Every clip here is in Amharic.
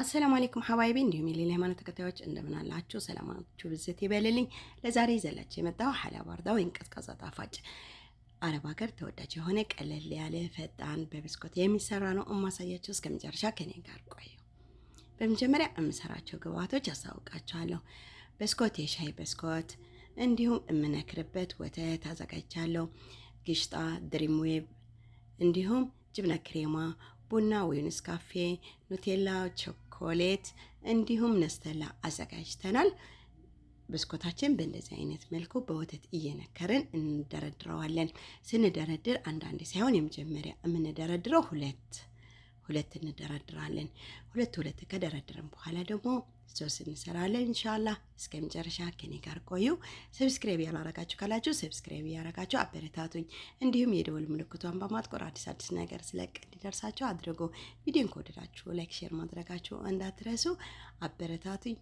አሰላሙ አሌይኩም ሀባይቢ እንዲሁም የሌላ ሃይማኖት ተከታዮች እንደምን አላችሁ? ሰላማችሁ ብዝት ይበልልኝ። ለዛሬ ይዘላችሁ የመጣው ሀላ ባርዳ ወይም ቀዝቃዛ ጣፋጭ አረብ ሀገር ተወዳጅ የሆነ ቀለል ያለ ፈጣን በብስኮት የሚሰራ ነው። እማሳያችሁ እስከ መጨረሻ ከኔ ጋር ቆዩ። በመጀመሪያ የምሰራቸው ግብአቶች ያሳውቃችኋለሁ። በስኮት፣ የሻይ በስኮት እንዲሁም የምነክርበት ወተት አዘጋጅቻለሁ። ግሽጣ፣ ድሪም ዌብ እንዲሁም ጅብነ ክሬማ ቡና ወይንስ ካፌ፣ ኑቴላ፣ ቾኮ ቸኮሌት እንዲሁም ነስተላ አዘጋጅተናል። ብስኮታችን በእንደዚህ አይነት መልኩ በወተት እየነከርን እንደረድረዋለን። ስንደረድር አንዳንድ ሳይሆን የመጀመሪያ የምንደረድረው ሁለት ሁለት እንደረድራለን። ሁለት ሁለት ከደረድርን በኋላ ደግሞ ሶስ እንሰራለን። እንሻላ እስከ መጨረሻ ከኔ ጋር ቆዩ። ሰብስክራይብ ያላረጋችሁ ካላችሁ ሰብስክራይብ ያረጋችሁ አበረታቱኝ። እንዲሁም የደወል ምልክቷን በማጥቆር አዲስ አዲስ ነገር ስለቅ እንዲደርሳችሁ አድርጎ ቪዲዮን ከወደዳችሁ ላይክ፣ ሼር ማድረጋችሁ እንዳትረሱ። አበረታቱኝ።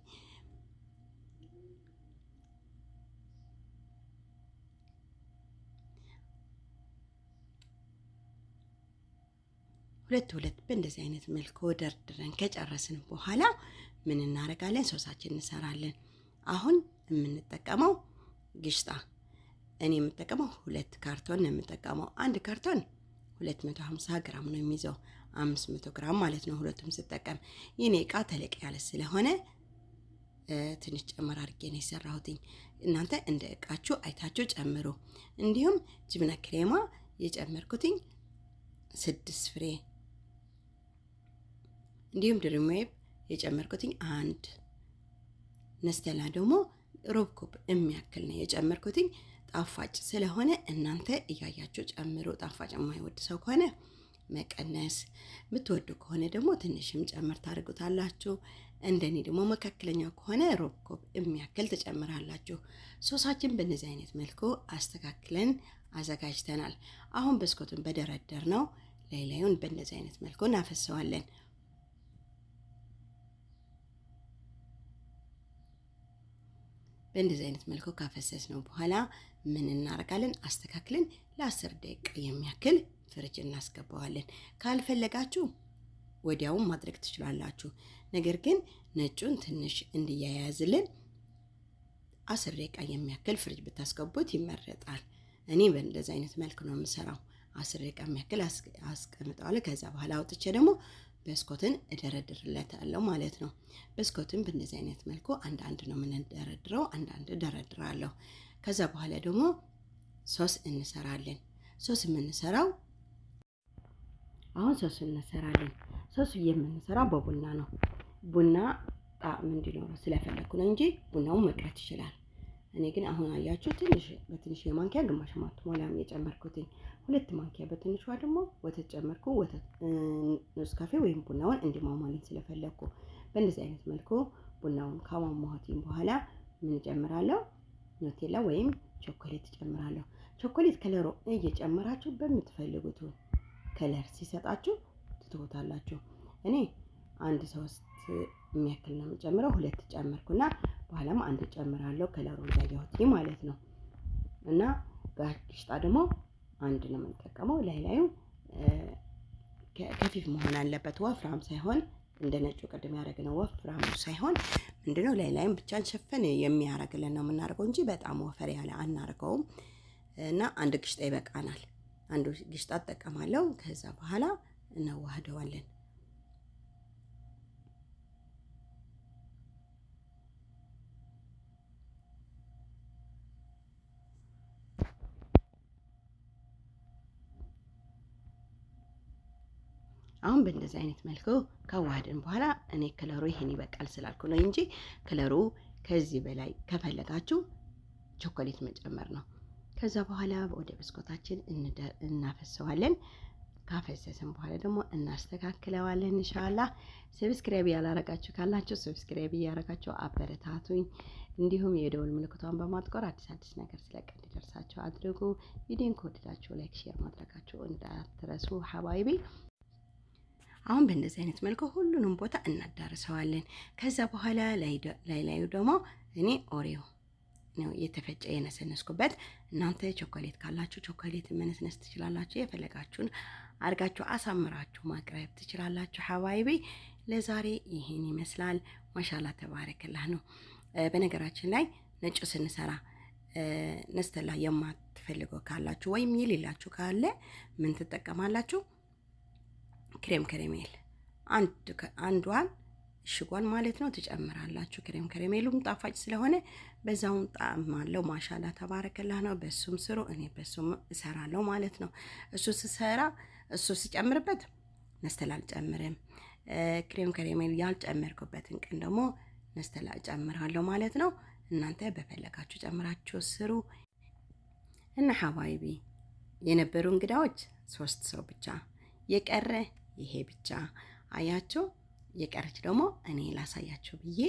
ሁለት ሁለት በእንደዚህ አይነት መልኩ ደርድረን ከጨረስን በኋላ ምን እናደርጋለን? ሶሳችን እንሰራለን። አሁን የምንጠቀመው ግሽጣ እኔ የምጠቀመው ሁለት ካርቶን ነው የምጠቀመው። አንድ ካርቶን 250 ግራም ነው የሚይዘው 500 ግራም ማለት ነው። ሁለቱም ስጠቀም የኔ እቃ ተለቅ ያለ ስለሆነ ትንሽ ጨመር አድርጌ ነው የሰራሁትኝ። እናንተ እንደ እቃችሁ አይታችሁ ጨምሩ። እንዲሁም ጅብና ክሬማ የጨመርኩትኝ ስድስት ፍሬ እንዲሁም ድሪም ዌብ የጨመርኩትኝ አንድ ነስተላ ደግሞ ሩብ ኩብ የሚያክል ነው የጨመርኩትኝ። ጣፋጭ ስለሆነ እናንተ እያያችሁ ጨምሮ። ጣፋጭ የማይወድ ሰው ከሆነ መቀነስ፣ የምትወዱ ከሆነ ደግሞ ትንሽም ጨምር ታደርጉታላችሁ። እንደኔ ደግሞ መካከለኛ ከሆነ ሩብ ኩብ የሚያክል ትጨምራላችሁ። ሶሳችን በእነዚህ አይነት መልኩ አስተካክለን አዘጋጅተናል። አሁን በስኮቱን በደረደር ነው ላይ ላዩን በእንደዚህ አይነት መልኩ እናፈሰዋለን። በእንደዚህ አይነት መልኩ ካፈሰስ ነው በኋላ ምን እናደርጋለን? አስተካክለን ለአስር ደቂቃ የሚያክል ፍሪጅ እናስገባዋለን። ካልፈለጋችሁ ወዲያውም ማድረግ ትችላላችሁ። ነገር ግን ነጩን ትንሽ እንዲያያዝልን አስር ደቂቃ የሚያክል ፍሪጅ ብታስገቡት ይመረጣል። እኔ በእንደዚህ አይነት መልክ ነው የምሰራው። አስር ደቂቃ የሚያክል አስቀምጠዋለሁ። ከዛ በኋላ አውጥቼ ደግሞ በስኮትን እደረድርለታለሁ ማለት ነው። በስኮትን በእንደዚህ አይነት መልኩ አንድ አንድ ነው የምንደረድረው፣ አንድ አንድ እደረድራለሁ። ከዛ በኋላ ደግሞ ሶስ እንሰራለን። ሶስ የምንሰራው አሁን ሶስ እንሰራለን። ሶስ የምንሰራው በቡና ነው። ቡና ጣዕም እንዲኖረው ስለፈለኩ ነው እንጂ ቡናው መቅረት ይችላል። እኔ ግን አሁን አያችሁ ትንሽ በትንሽ የማንኪያ ግማሽ ማትሞላም የጨመርኩትኝ ሁለት ማንኪያ በትንሿ ደግሞ ወተት ጨመርኩ። ወተት ኔስካፌ ወይም ቡናውን እንዲሟሟልኝ ስለፈለግኩ በእንደዚህ አይነት መልኩ ቡናውን ካሟሟሁትኝ በኋላ ምን ጨምራለሁ? ኖቴላ ወይም ቾኮሌት ጨምራለሁ። ቾኮሌት ከለሮ እየጨመራችሁ በምትፈልጉት ከለር ሲሰጣችሁ ትትቦታላችሁ። እኔ አንድ ሶስት የሚያክል ነው የምጨምረው። ሁለት ጨምርኩና በኋላም አንድ ጨምራለሁ። ከለሩ እያየሁት ማለት ነው እና ጋሽጣ ደግሞ አንድ ነው የምንጠቀመው። ላይ ላዩ ከፊፍ መሆን አለበት፣ ወፍራም ሳይሆን እንደ ነጩ ቅድም ያደረግነው ወፍራሙ ሳይሆን ምንድነው ላይ ላይም ብቻን ሸፈን የሚያደርግልን ነው የምናደርገው እንጂ በጣም ወፈር ያለ አናደርገውም። እና አንድ ግሽጣ ይበቃናል። አንዱ ግሽጣ እጠቀማለሁ። ከዛ በኋላ እናዋህደዋለን። አሁን በእንደዚህ አይነት መልኩ ከዋህድን በኋላ እኔ ክለሩ ይሄን ይበቃል ስላልኩ ነው እንጂ ክለሩ ከዚህ በላይ ከፈለጋችሁ ቾኮሌት መጨመር ነው። ከዛ በኋላ ወደ ብስኮታችን እናፈሰዋለን። ካፈሰስን በኋላ ደግሞ እናስተካክለዋለን። እንሻላ ሰብስክራይብ ያላረጋችሁ ካላችሁ ሰብስክራይብ እያረጋችሁ አበረታቱኝ። እንዲሁም የደወል ምልክቷን በማጥቆር አዲስ አዲስ ነገር ስለቅ እንዲደርሳችሁ አድርጉ። ቪዲዮን ከወደዳችሁ ላይክ፣ ሼር ማድረጋችሁ እንዳትረሱ ሀባይቤ አሁን በእንደዚህ አይነት መልኩ ሁሉንም ቦታ እናዳርሰዋለን። ከዛ በኋላ ላይ ላዩ ደግሞ እኔ ኦሬዮ ነው የተፈጨ የነሰነስኩበት። እናንተ ቾኮሌት ካላችሁ ቾኮሌት መነስነስ ትችላላችሁ። የፈለጋችሁን አድርጋችሁ አሳምራችሁ ማቅረብ ትችላላችሁ። ሀባይቤ ለዛሬ ይህን ይመስላል። ማሻላ ተባረክላህ ነው። በነገራችን ላይ ነጩ ስንሰራ ነስተላ የማትፈልገው ካላችሁ ወይም የሌላችሁ ካለ ምን ትጠቀማላችሁ? ክሬም ከረሜል አንድ አንዷን እሽጓን ማለት ነው ትጨምራላችሁ። ክሬም ከረሜሉም ጣፋጭ ስለሆነ በዛውን ጣም አለው። ማሻላ ተባረከላህ ነው። በሱም ስሩ፣ እኔ በሱም እሰራለሁ ማለት ነው። እሱ ስሰራ እሱ ስጨምርበት ነስተላ አልጨምርም። ክሬም ከረሜል ያልጨመርኩበትን ቀን ደግሞ ነስተላ እጨምራለሁ ማለት ነው። እናንተ በፈለጋችሁ ጨምራችሁ ስሩ እና ሀባይቢ የነበሩ እንግዳዎች ሶስት ሰው ብቻ የቀረ ይሄ ብቻ አያቸው። የቀረች ደግሞ እኔ ላሳያቸው ብዬ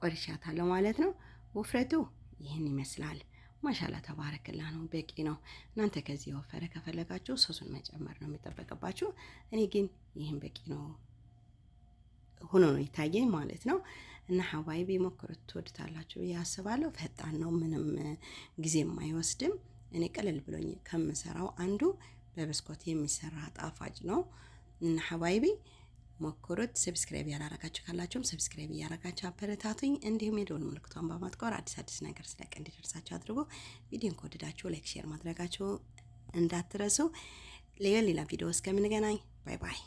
ቆርሻታለሁ ማለት ነው። ውፍረቱ ይህን ይመስላል። ማሻላ ተባረክላ ነው፣ በቂ ነው። እናንተ ከዚህ የወፈረ ከፈለጋችሁ ሶሱን መጨመር ነው የሚጠበቅባችሁ። እኔ ግን ይህን በቂ ነው ሆኖ ነው ይታየኝ ማለት ነው። እና ሀዋይ ሞክሩት፣ ትወድታላችሁ ያስባለሁ። ፈጣን ነው፣ ምንም ጊዜም አይወስድም። እኔ ቀለል ብሎኝ ከምሰራው አንዱ በብስኮት የሚሰራ ጣፋጭ ነው። እና ሀባይቢ ሞክሩት። ሰብስክራይብ ያላረጋችሁ ካላችሁም ሰብስክራይብ እያረጋችሁ አበረታቱኝ። እንዲሁም የደወል ምልክቷን በማጥቆር አዲስ አዲስ ነገር ስለቀ እንዲደርሳችሁ አድርጉ። ቪዲዮን ከወደዳችሁ ላይክ፣ ሼር ማድረጋችሁ እንዳትረሱ። ሌላ ሌላ ቪዲዮ እስከምንገናኝ ባይ ባይ።